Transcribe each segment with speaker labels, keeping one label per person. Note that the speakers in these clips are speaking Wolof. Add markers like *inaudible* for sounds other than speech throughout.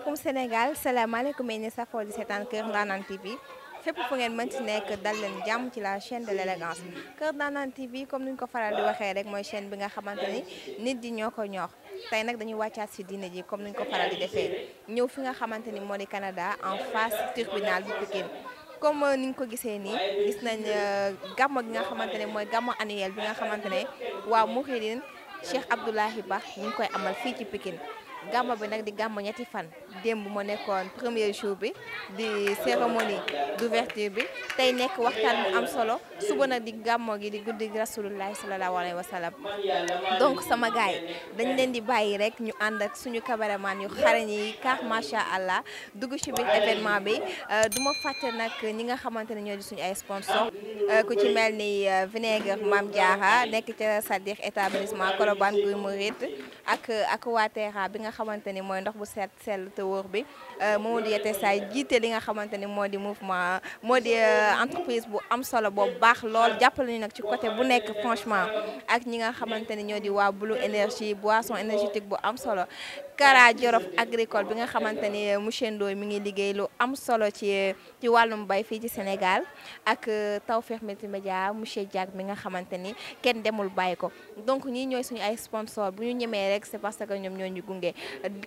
Speaker 1: salaamaaleykum Sénégal salaamaaleykum yéen sa safoo di seetaan Kër Ndanane TV fépp fu ngeen mën mënti nekk dal leen jàmm ci la chaine de l'élégance Kër Ndanane TV comme ni ñu ko faral di waxee rek mooy chaîne bi nga xamante ni nit di ñoo ko ñoox tey nag dañuy wàccaat si diine ji comme ni ñu ko faral di defee ñëw fi nga xamante ni moo di Canada en face tribunal bu Pikine comme ni nga ko gisee nii gis nañ euh, gàmmo gi nga xamante ne mooy gàmmo annuel bi nga xamante ne waa Mourideen Cheikh Abdoulahi Ba ñu ngi koy amal fii ci Pikine gàmmu bi nag di gàmmu ñetti fan démb moo nekkoon premier jour bi di cérémonie d'ouverture bi tey nekk waxtaan mu am solo suba nag di gàmmu gi di guddi rasulullahi sallallahu alayhi wa sallam donc sama gars dañ leen di bàyyi rek ñu ànd ak suñu caméraman yu xarañ yi car macha allah dugg ci biir événement bi euh, du ma fàtte nag ñi nga xamante ne ñoo di suñu ay sponsor euh, ku ci mel ni euh, vinaigre Mame Diarra nekk sa Sadikh établissement Colobane Guy Mouride nga xamante ni mooy ndox bu set sell te wóor bi euh, Mamadou Yete Saay jiite li nga xamante ni moo di mouvement moo di euh, entreprise bu am solo boobu baax lool jàppale nag ci côté bu nekk franchement ak ñi nga xamante ni ñoo di waa Blue Énergie boisson énergétique bu am solo Kara Jorof agricole bi nga xamante ni euh, monsieur Ndoye mi ngi liggéey lu am solo ci euh, ci wàllum bay fii ci Sénégal ak taw euh, Tawfekh Multimédia monsieur Diack mi nga xamante ni kenn demul bàyyi ko donc ñii ñooy suñu ay sponsor bu ñu ñemee rek c'est parce que ñoom ñoo ñu gunge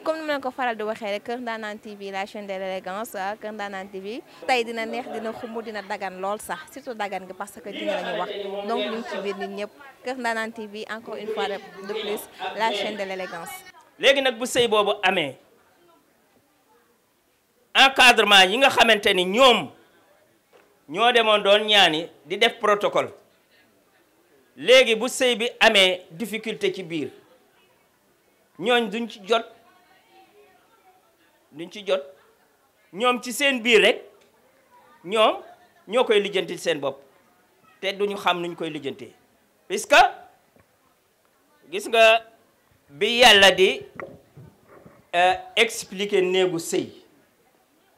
Speaker 1: comme ni ma leen ko faral di waxee rek Kër Ndanane TV la chaîne de l'élégance Kër Ndanane TV tey dina neex dina xumb dina dagan lool sax surtout dagan gi parce que dina la ñu wax donc ñu ngi ci biir nit ñëpp Kër Ndanane TV encore une fois de
Speaker 2: léegi nag bu sëy boobu amee en encadrement yi nga xamante ni ñoom ñoo demoon doon ñaani di def protocole léegi bu sëy bi amee difficulté ci biir ñooñ duñ ci jot duñ ci jot ñoom ci seen biir rek ñoom ñoo koy lijjanti seen bopp te duñu xam nuñ koy lijjantee puisque gis nga bi yàlla di euh, expliquer néegu sëy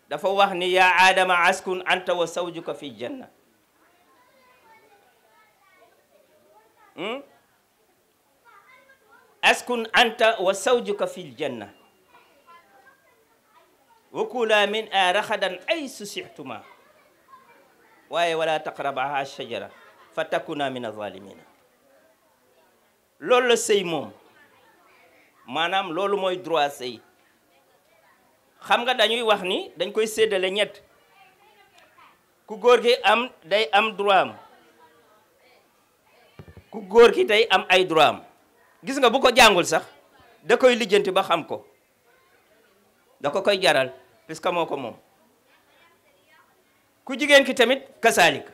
Speaker 2: dafa wax ni yaa aadama askun anta wa sawjuka fi janna hmm? askun anta wa sawjuka fi janna wa kula min a raxadan ay susixtuma waaye wala taqraba shajara fa takuna min azalimina loolu la sëy moom maanaam loolu mooy droit sëy xam nga dañuy wax ni dañ koy séddale ñett ku góor gi am day am droit am ku góor gi day am ay droit am gis nga bu ko jàngul sax da koy lijjanti ba xam ko da ko koy jaral puisque moo ko moom ku jigéen ki tamit kasaalik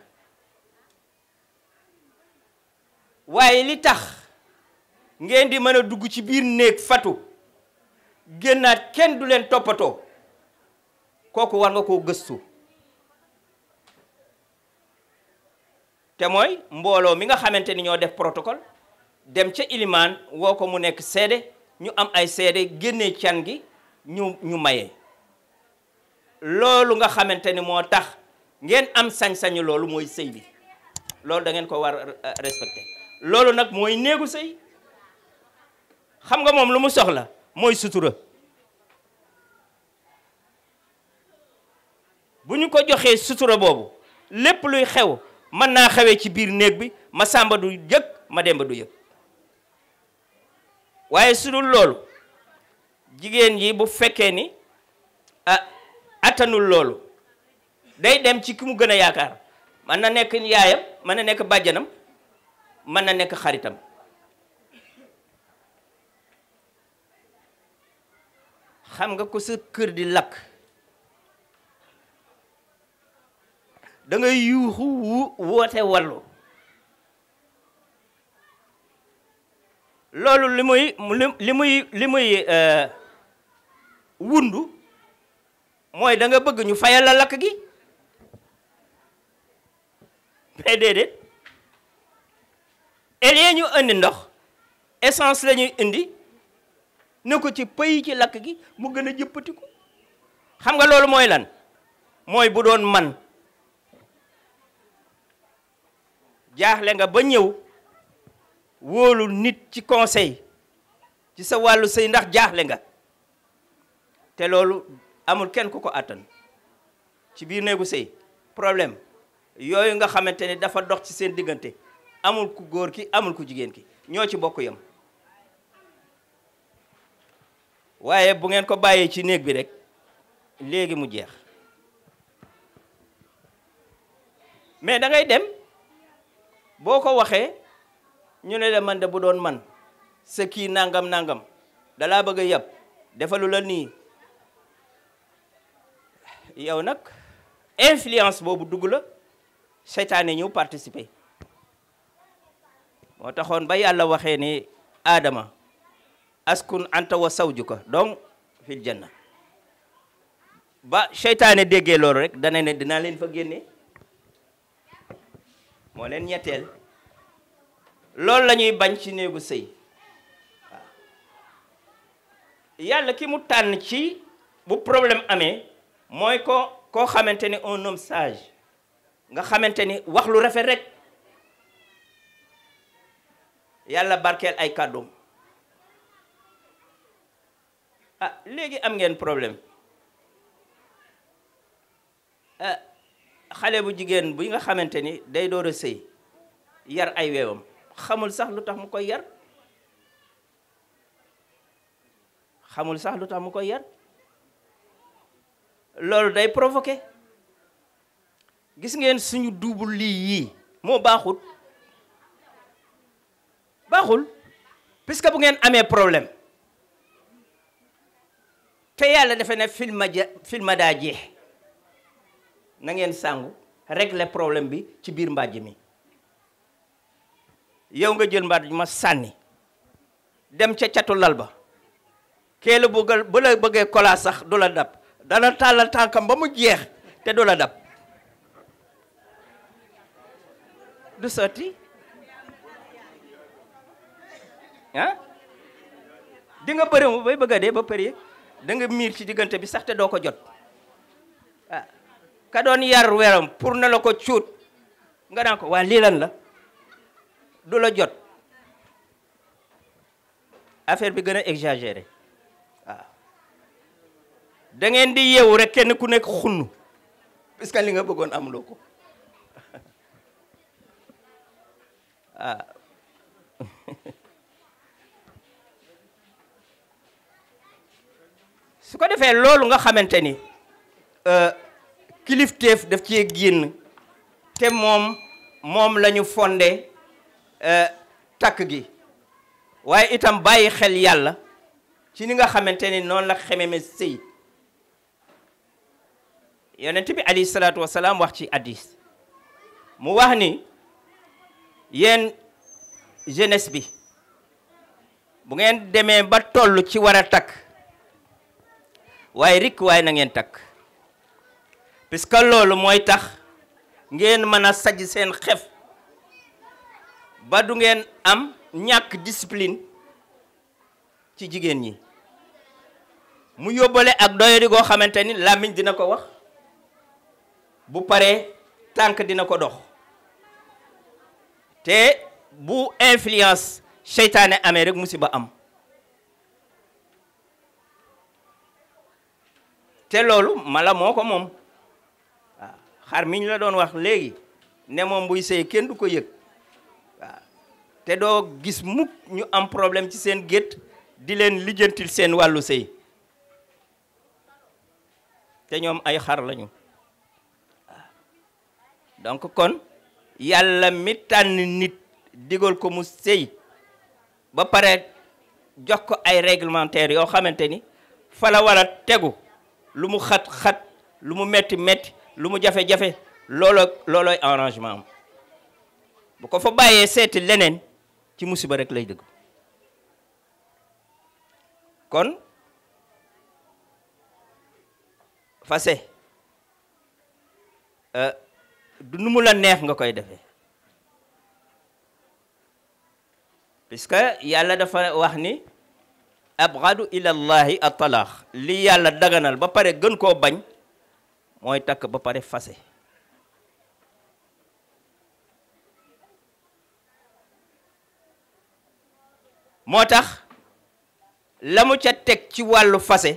Speaker 2: waaye li tax ngeen di mën a dugg ci biir néeg fatu génnaat kenn du leen toppatoo kooku war nga koo gëstu te mooy mbooloo mi nga xamante ni ñoo def protocole dem ca ilimaan woo ko mu nekk seede ñu am ay seede génnee can gi ñu ñu maye loolu nga xamante ni moo tax ngeen am sañ-sañu loolu mooy sëy bi loolu da ngeen ko war respecté loolu nag mooy néegu sëy xam nga moom lu mu soxla mooy sutura bu ñu ko joxee sutura boobu lépp luy xew mën naa xewee ci biir néeg bi ma sàmba du yëg ma demba du yëg waaye su dul loolu jigéen yi bu fekkee ni a ah, attanul loolu day dem ci ki mu gën a yaakaar mën na nekk yaayam mën na nekk bàjjanam mën na nekk xaritam xam nga ko sa kër di lakk da ngay yuuxu wu woote wallu loolu li muy li muy li muy euh, wundu mooy danga bëgg ñu fayal la lakk gi mais déedéet elie ñu indi ndox essence lañuy indi ne ko ci pëy ci lakk gi mu gën a jëppatiku xam nga loolu mooy lan mooy bu doon man jaaxle nga ba ñëw wóolu nit ci conseil ci sa wàllu sëy ndax jaaxle nga te loolu amul kenn ku ko àttan ci biir néegu sëy problème yooyu nga xamante ne dafa dox ci seen diggante amul ku góor ki amul ku jigéen ki ñoo ci bokk yam waaye bu ngeen ko bàyyee ci néeg bi rek léegi mu jeex mais da ngay dem boo ko waxee ñu ne la man de bu doon man sa kii nangam nangam dalaa bëgg a yab defalu la nii yow nag influence boobu dugg la seytaane ñëw participer moo taxoon ba yàlla waxee ni Aadama askun anta wa sawjuka donc fil janna ba seytaane déggee loolu rek dana ne dinaa leen fa génne moo leen ñetteel loolu lañuy bañ ci néegu sëy yàlla ki mu tànn ci bu problème amee mooy ko koo xamante ni un homme sage nga xamante ni wax lu rafet rek yàlla barkeel ay kàddoom ah léegi am ngeen problème ah xale bu jigéen bi nga xamante ni day door a sëy yar ay wewam xamul sax lu tax mu koy yar xamul sax lu tax mu koy yar loolu day provoqué gis ngeen suñu duubul lii yii moo baaxul baaxul puisque bu ngeen amee problème te yàlla defe ne filma ja daa jeex na ngeen sàngu régler problème bi ci biir mbàjj mi yow nga jël mbàjj ma sànni dem ca catu lal ba kee la bëggal bu bëggee kolaa sax du la dab dana tàllal tànkam ba mu jeex te du la dab du sotti ah di nga bëri mu bay bëgga dee ba pare da nga miir ci diggante bi sax te doo ko jot ah ka doon yar weram pour na la ko cuut nga naan ko waa lii lan la du la jot affaire bi gën a exagéré waaw ah. da ngeen di yeewu rek kenn ku nekk xunn puisque li nga bëggoon amuloo ko *laughs* ah su ko defee loolu nga xamante ni euh, kilifteef daf cee génn te moom moom lañu fonde euh, takk gi waaye itam bàyyi xel yàlla ci ni nga xamante ni noonu la xememe sëy yonent bi alayhi salaatu wax ci hadis mu wax ni yéen jeunesse bi bu ngeen demee ba toll ci war a takk waaye rikk waaye na ngeen takk puisque loolu mooy tax ngeen mën a saj seen xef ba du ngeen am ñàkk discipline ci jigéen ñi mu yóbbale ak doyadi goo xamante ni làmmiñ dina ko wax bu pare tànk dina ko dox te bu influence seytaane amee rek musiba am te loolu mala moo ko moom waaw xar mi ñu la doon wax léegi ne moom buy sëy kenn du ko yëg waaw te doo gis mukk ñu am problème ci seen gét di leen lijjantil seen wàllu sëy te ñoom ay xar lañu donc kon yàlla mi tànn nit digal ko mu sëy ba pare jox ko ay réglementaire yoo xamante ni fa la war tegu lu mu xat-xat lu mu metti metti lu mu jafe-jafe looloo loolooy enrangement am bu ko fa bàyyee seeti leneen ci musiba rek lay dëgg kon fase euh, du nu mu la neex nga koy defee puisque yàlla dafa wax ni abradu ilallahi atalaax li yàlla daganal ba pare gën koo bañ mooy takk ba pare fase moo tax la mu ca teg ci wàllu fase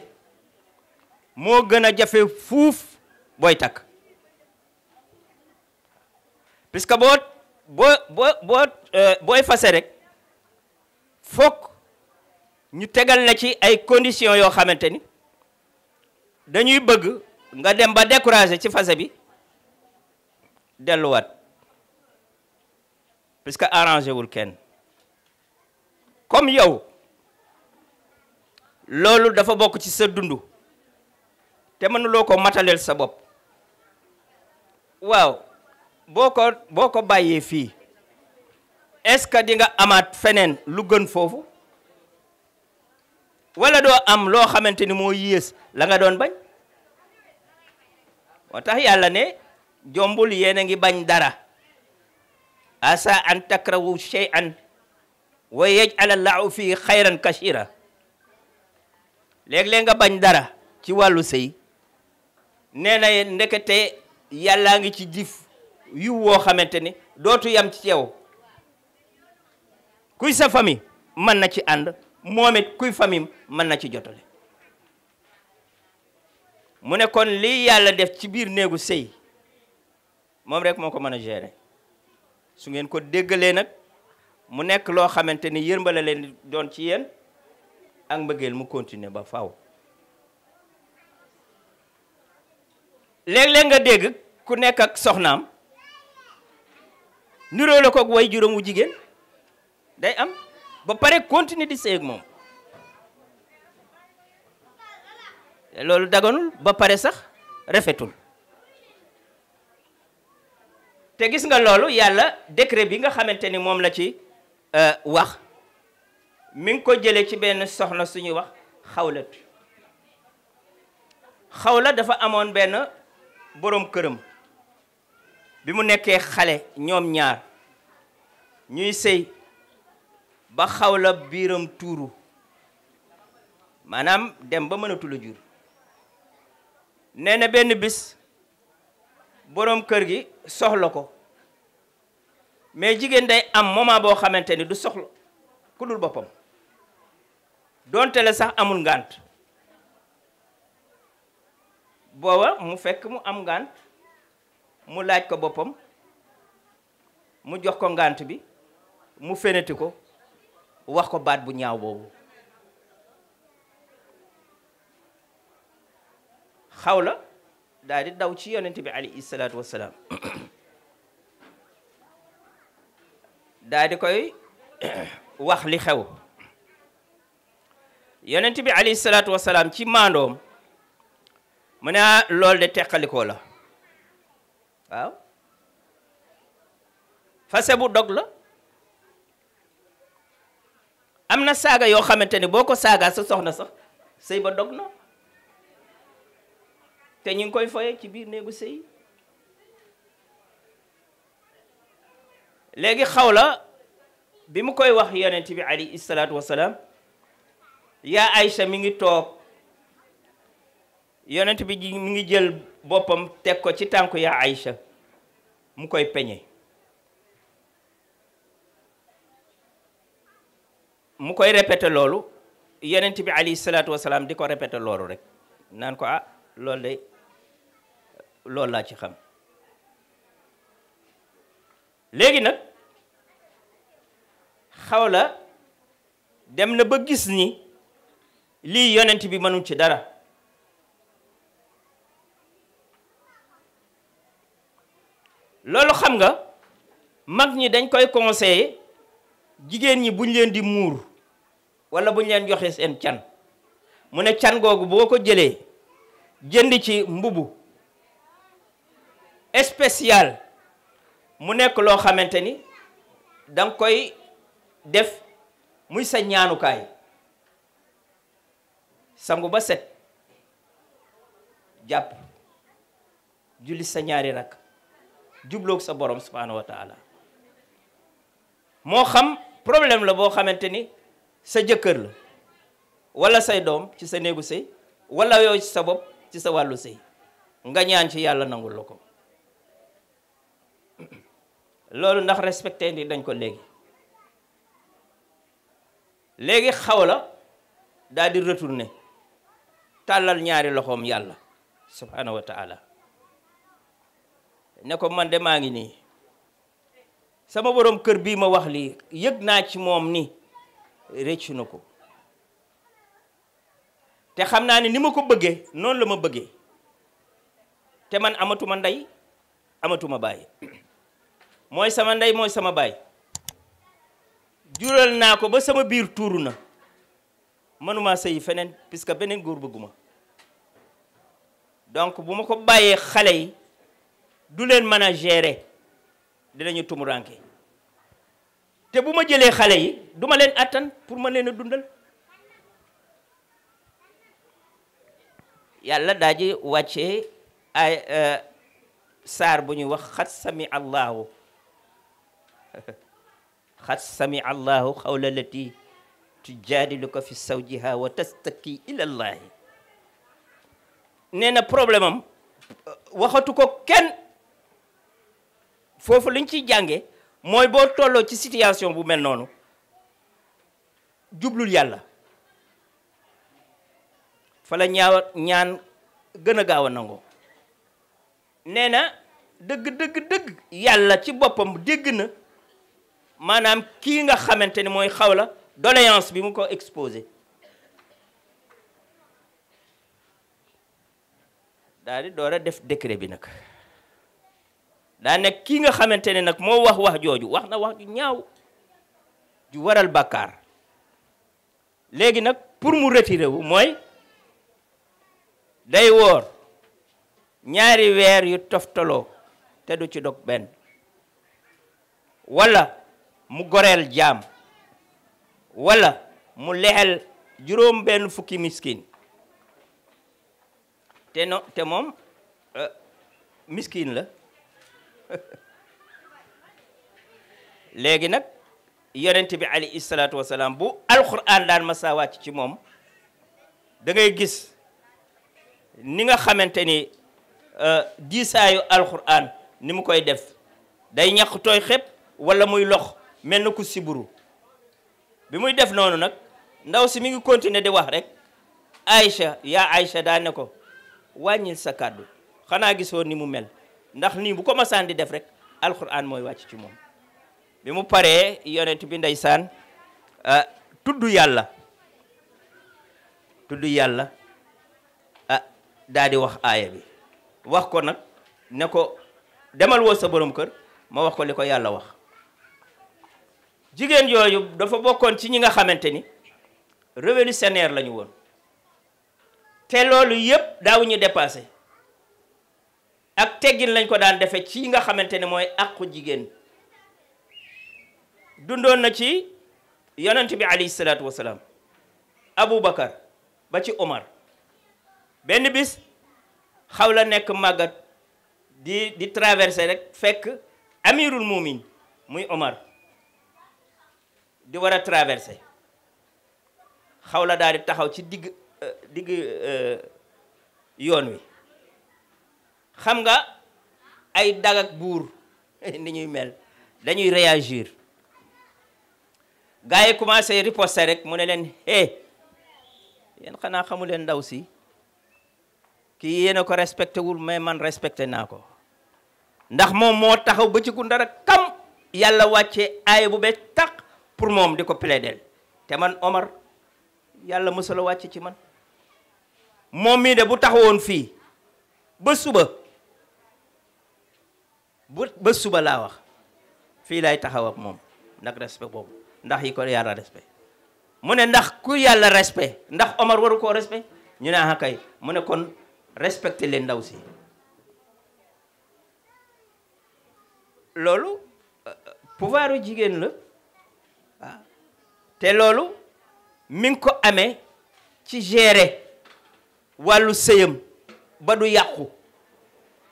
Speaker 2: moo gën a jafe fuuf booy takk puisque boo boo boo euh, booy fase rek fokk ñu tegal la ci ay conditions yoo xamante ni dañuy bëgg nga dem ba découragé ci phase bi delluwaat parce que arrangé wul kenn comme yow loolu dafa bokk ci sa dundu te mënuloo ko mataleel sa bopp waaw boo ko boo ko bàyyee fii est-ce que di nga amaat feneen lu gën foofu wala doo am loo xamante ni moo yées la nga doon bañ moo tax yàlla ne jombul yéen a ngi bañ dara asa an takrahu shay'an wa yaj'ala llahu fii xayran kasira léeg-léeg nga bañ dara ci wàllu sey nena na ndekete yàllaa ngi ci jif yiw woo xamante ni dootu yam ci yow kuy sa famille mën na ci ànd moom it kuy famim mën na ci jotale mu nekkoon kon lii yàlla def ci biir néegu sëy moom rek moo ko mën a gérer su ngeen ko déggalee nag mu nekk loo xamante ni yërmbale leen doon ci yéen ak mbëggeel mu continuer ba faw léeg-léeg nga dégg ku nekk ak soxnaam niroo la ko way juróom wu jigéen day am ba pare continuer di sëy ak moom loolu daganul ba pare sax rafetul te gis nga loolu yàlla décret bi nga xamante ni moom la ci euh, wax mi ngi ko jëlee ci benn soxna suñuy wax xawlat xawla dafa amoon benn boroom këram bi mu nekkee xale ñoom ñaar ñuy sëy ba xaw xawla biiram tuuru maanaam dem ba mënatula jur nee na benn bis boroom kër gi soxla ko mais jigéen day am moment boo xamante ni du soxla ku dul boppam donte sax amul ngant booba mu fekk mu am ngànt mu laaj ko boppam mu jox ko ngant bi mu fénati ko wax ko baat bu ñaaw boobu xawla la di daw ci yonent bi alayhi salaatu wassalaam *coughs* daal koy *coughs* wax li xew yonent bi alayhi salaatu wassalaam ci maandoom mu ne ah, loolu de teqalikoo la waaw fase bu dog la am na saaga yoo xamante ni boo ko saagaa sa soxna sax sëy ba dog na te ñu ngi koy foye ci biir néegu sëy léegi xaw la bi mu koy wax yonent bi alayhi salaatu wasalaam yaa Aïcha mi ngi toog yonent bi mu ngi jël boppam teg ko ci tànku yaa Aïcha mu koy peñe mu koy répété loolu yenent bi alayhi salaatu wasalaam di ko répété loolu rek naan ko ah loolu de loolu laa ci xam léegi nag xaw la dem na ba gis ni lii yonent bi mënul ci dara loolu xam nga mag ñi dañ koy conseiller jigéen ñi buñ leen di muur wala buñ leen joxee seen can mu ne can googu boo ko jëlee jënd ci mbubu spécial mu nekk loo xamante ni danga koy def muy sa ñaanukaay sangu ba set jàpp julli sa ñaari rak jubloog sa borom subhanahu wa moo xam problème la boo xamante ni sa jëkkër la walla say doom ci sa néegu sëy wala yow ci sa bopp ci sa wàllu sëy nga ñaan ci yàlla nangul la ko *clears throat* loolu ndax respecté ni dañ ko léegi léegi xaw la daal di retourné tàllal ñaari loxoom yàlla subhanahu wa ne ko man de maa ngi nii sama borom kër bii ma wax lii yëg naa ci moom ni réccu na ko te xam naa ne ni ma ko bëggee noonu la ma bëggee te man amatuma ndey amatuma baay mooy sama ndey mooy sama baay jural naa ko ba sama biir tuuru na mënuma sëy feneen puisque beneen góor bëgguma donc bu ma ko bàyyee xale yi du leen mën a gérer dinañu tumuranke te bu ma jëlee xale yi duma leen attan pour ma leen a dundal yàlla daa ji wàccee ay euh, saar bu ñuy wax xat sami allahu *laughs* xat sami allahu xawla lati tujaadiluka fi sawjiha wa tastaki ila llahi nee na problème ko kenn foofu liñ ciy jànge mooy boo tolloo ci situation bu mel noonu jublul yàlla fala la ñaaw ñaan gën a gaaw a nangoo nee na dëgg dëgg dëgg yàlla ci boppam dégg na maanaam kii nga xamante ni mooy xaw la doléance bi mu ko exposé daal di door a def décret bi nag daa nekk kii nga xamante ne nag moo wax wax jooju wax na wax ju ñaaw ju waral bàkkaar léegi nag pour mu retiré wu mooy day woor ñaari weer yu toftaloo te du ci dog benn walla mu goreel jaam wala mu lexel juróom benn fukki miskin te no te moom euh, miskin la *laughs* léegi nag yonent bi alayhi salaatu salaam bu alquran daan masa wàcc ci moom dangay gis ni nga xamante ni euh, diisaayu alquran ni mu koy def day ñaq tooy xëpp wala muy lox mel na ku siburu bi muy def noonu nag ndaw si mu ngi continuer di wax rek Aïcha yaa Aïcha daane ko wàññil sa kàddu xanaa gisoo ni mu mel ndax nii bu ko masaan di def rek alquran mooy wàcc ci moom bi mu paree yonent bi ndeysaan ah, tudd yàlla tudd yàlla ah daa di wax aaya bi wax ko nag ne ko demal woo sa borom kër ma wax ko li ko yàlla wax jigéen yooyu dafa bokkoon ci ñi nga xamante ni révolutionnaire la ñu woon te loolu yëpp daawuñu dépassé ak teggin lañ ko daan defe ci nga xamante ne mooy àqu jigéen dundoon na ci yonent bi alayhi salaatu abu Aboubacar ba ci Omar benn bis xaw la nekk màggat di di traversé rek fekk amirul muumin muy Omar di war a traversé xaw la daal di taxaw ci digg euh, digg euh, yoon wi xam nga ay dag ak buur *laughs* ni ñuy mel dañuy réagir gars yi commencé riposter rek mu ne leen eh yéen xanaa xamu leen ndaw si kii yéen ko respecté wul mais man respecté naa ko ndax moom moo taxaw ba ci gundara kam yàlla wàcce aaya bu bees tax pour moom di ko del te man Omar yàlla mësula wàcce ci man moom mii de bu taxawoon fii ba suba bu ba suba laa wax fii lay taxaw ak moom ndax respect boobu ndax yi ko yàlla respect mu ne ndax ku yàlla respect ndax Omar waru ko respect ñu ne ah kay mu ne kon respecté leen ndaw si loolu euh, pouvoiru jigéen la waaw te loolu mi ko amee ci gérer wàllu sëyam ba du yàqu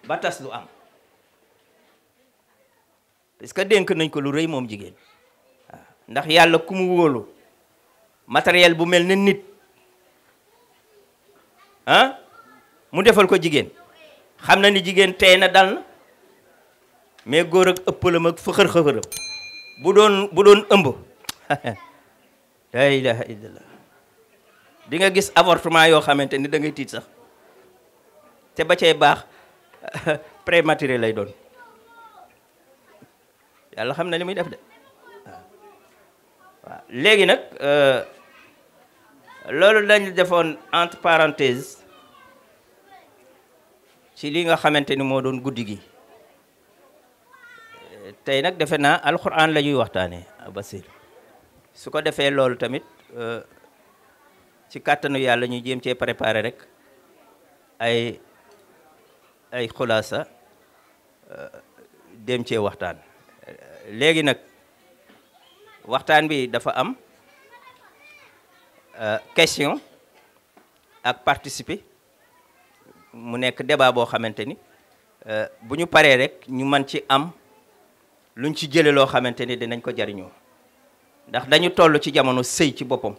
Speaker 2: ba tas du am parce que dénk nañ ko lu rëy moom jigéen waaw ndax yàlla ku mu wóolu matériel bu mel ne nit ah mu defal ko jigéen xam na ni jigéen tey na dal na mais góor ak ëppalam ak fëxër xëxëram bu doon bu doon ëmb la *laughs* ilaha illallah di nga gis avortement yoo xamante ni da ngay tiit sax te ba cay baax *laughs* prématuré lay doon yàlla xam na li muy def de waaw léegi nag euh, loolu lañ defoon entre parenthèse ci li nga xamante ni moo doon guddi gi tey nag defe naa alxuraan lañuy ñuy waxtaanee Basir su ko defee loolu tamit euh, ci kàttanu yàlla ñu jéem cee préparé rek ay ay xulaasa euh, dem cee waxtaan léegi nag waxtaan bi dafa am euh, question ak participer mu nekk débat boo xamante ni euh, bu ñu paree rek ñu mën ci am luñ ci jële loo xamante ni dinañ ko jariñoo ndax dañu toll ci jamono sëy ci boppam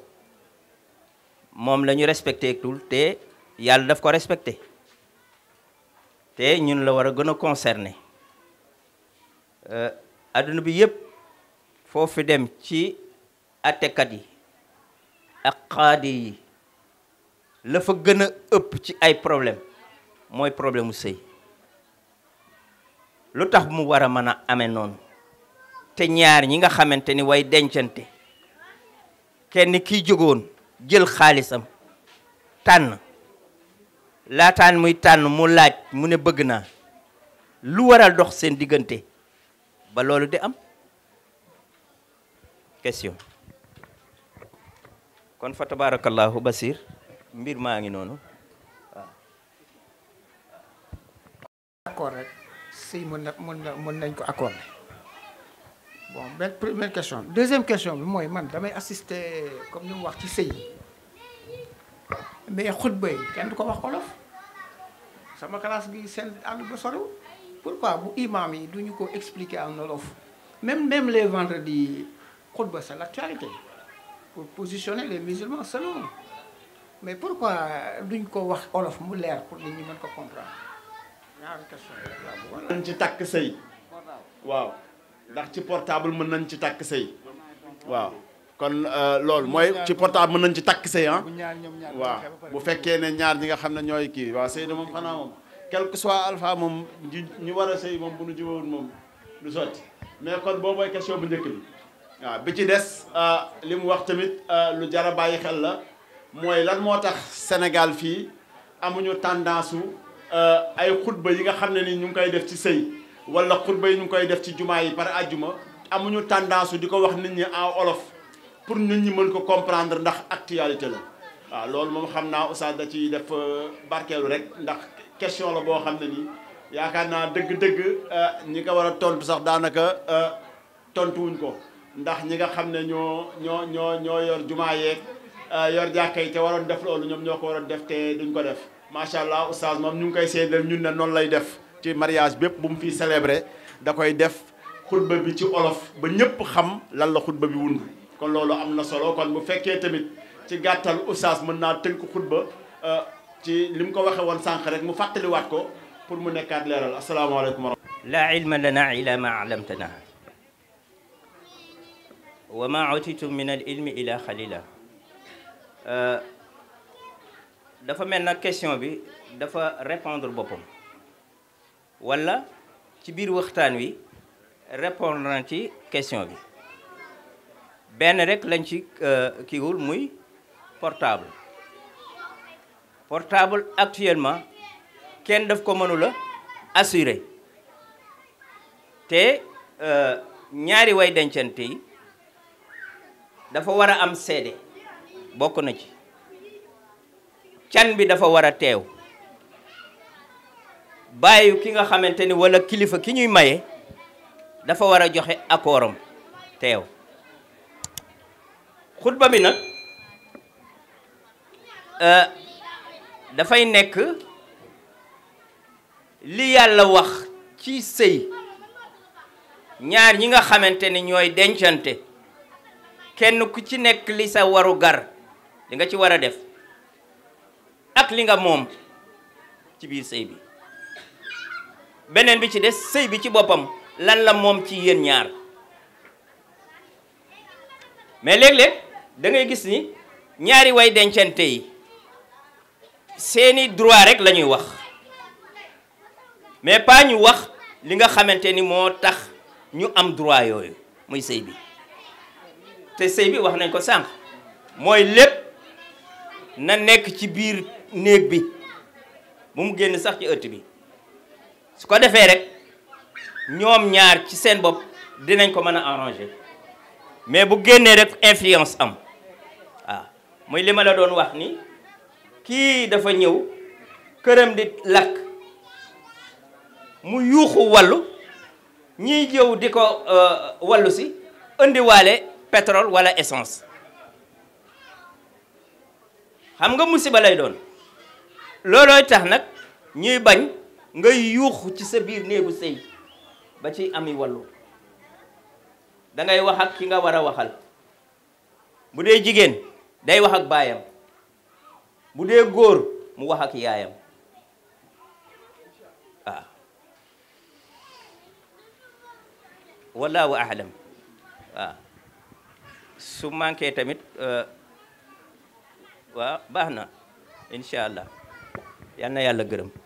Speaker 2: moom la ñu respecté tul te yàlla daf ko respecté te ñun la war a gën a concerné euh, adduna bi yëpp foofu dem ci attekat yi ak xaadi yi la fa gën a ëpp ci ay problème mooy problème mu sëy lu tax mu war a mën a ame noonu te ñaar ñi nga xamante ni way dencante kenn kiy jógoon jël xaalisam tànn laataan muy tànn mu laaj mu ne bëgg naa lu waral dox seen diggante ba loolu di am question kon fa tabarakallahu basir mbir maa ngi noonu waaw accord rek sëy mën na mën na mën nañ ko accordé bon benn première question deuxième question bi mooy man damay assister comme ni mu wax
Speaker 3: ci sëy mais xutba yi kenn du ko wax olof sama classe bi seen àll ba soriwul pourquoi bu imam yi duñu ko expliquer am wolof même même les vendredis xutba la l'actualité pour positionner les
Speaker 2: musulmans selon mais pourquoi duñ ko wax olof mu leer pour nit ñu mën ko
Speaker 3: comprendre ñaari question la ci takk sëy waaw ndax ci portable mën nañ ci takk sëy waaw kon euh, loolu mooy ci portable mën nañ ci takk sëy ah waaw bu fekkee ne ñaar ñi nga xam ne ñooy kii waaw sëy da moom xanaa moom quel que soit alpha moom ñi ñu war a sëy moom bu nu jubóowul moom du sotti mais kon boobu mooy question bu njëkk bi waaw bi ci des euh, li mu wax tamit euh, lu jar a bàyyi xel la mooy lan moo tax Sénégal fii amuñu tendance su euh, ay xutba yi nga xam ne ni ñu ngi koy def ci sëy wala xutba yi ñu ngi koy def ci jumaa yi par àjjuma amuñu tendance su di ko wax nit ñi en olof pour nit ñi mën ko comprendre ndax actualité la waaw loolu moom xam naa Oustaz da ci def barkeelu rek ndax question la boo xam ne nii yaakaar naa dëgg-dëgg euh, ñi nga war a tontu sax daanaka euh, tontuwuñ ko ndax ñi nga xam ne ñoo ñoo ñoo ñoo yor jumaa yeeg euh, yor jàkka yi te waroon def loolu ñoom ñoo ko waroon def te duñ ko def macha allah oustaz moom ñu ngi koy seedal ñun ne noonu lay def ci mariage bépp bu mu fiy célébré da koy def xutba bi ci olof ba ñëpp xam lan la xutba bi wund kon loolu am na solo kon bu fekkee tamit ci gàttal oustaz mën naa tënk xutba ci li mu ko waxee woon sànq rek mu fàttaliwaat ko pour mu nekkaat leeral asalaamaaleykum
Speaker 2: wa laa ilma lana ila ma alamtana wa ma utitum min al ila xalila euh, dafa mel nag question bi dafa répondre boppam wala ci biir waxtaan wi répondre na ci question bi benn rek lañ ci euh, kiiwul muy portable portable actuellement kenn daf ko mënula assurer te euh, ñaari way dencante yi dafa war a am seede bokk na ci can bi dafa war a teew bàyyi ki nga xamante ni walla kilifa ki ñuy maye dafa war a joxe akooram teew xutba bi nag euh, dafay nekk li yàlla wax ci sëy ñaar ñi nga xamante ni ñooy dencante kenn ku ci nekk li sa waru gar li nga ci war a def ak li nga moom ci biir sëy bi beneen bi ci des sëy bi ci boppam lan la moom ci yéen ñaar mais léeg-léeg da gis ni ñaari way dencante yi seeni droit rek la ñuy wax mais pas ñu wax li nga xamante ni moo tax ñu am droit yooyu muy sëy bi te sëy bi wax nañ ko sànq mooy lépp na nekk ci biir néeg bi bu mu génn sax ci ëtt bi su ko defee rek ñoom ñaar ci seen bopp dinañ ko mën a arranger mais bu génnee rek influence am waaw muy li ma la doon wax ni kii dafa ñëw këram di lakk mu yuuxu wallu ñiy jëw di ko euh, wallu si indiwaale pétrole walla essence xam nga musiba lay doon loolooy tax nag ñuy bañ ngay yuuxu ci sa biir néegu sëy ba ci ami wallu dangay ngay wax ak ki nga war a waxal bu dee jigéen day wax ak baayam bu dee góor mu wax ak yaayam waaw wallaahu ahlam waaw su manqué tamit euh, waaw baax na incha allah yal na yàlla gërëm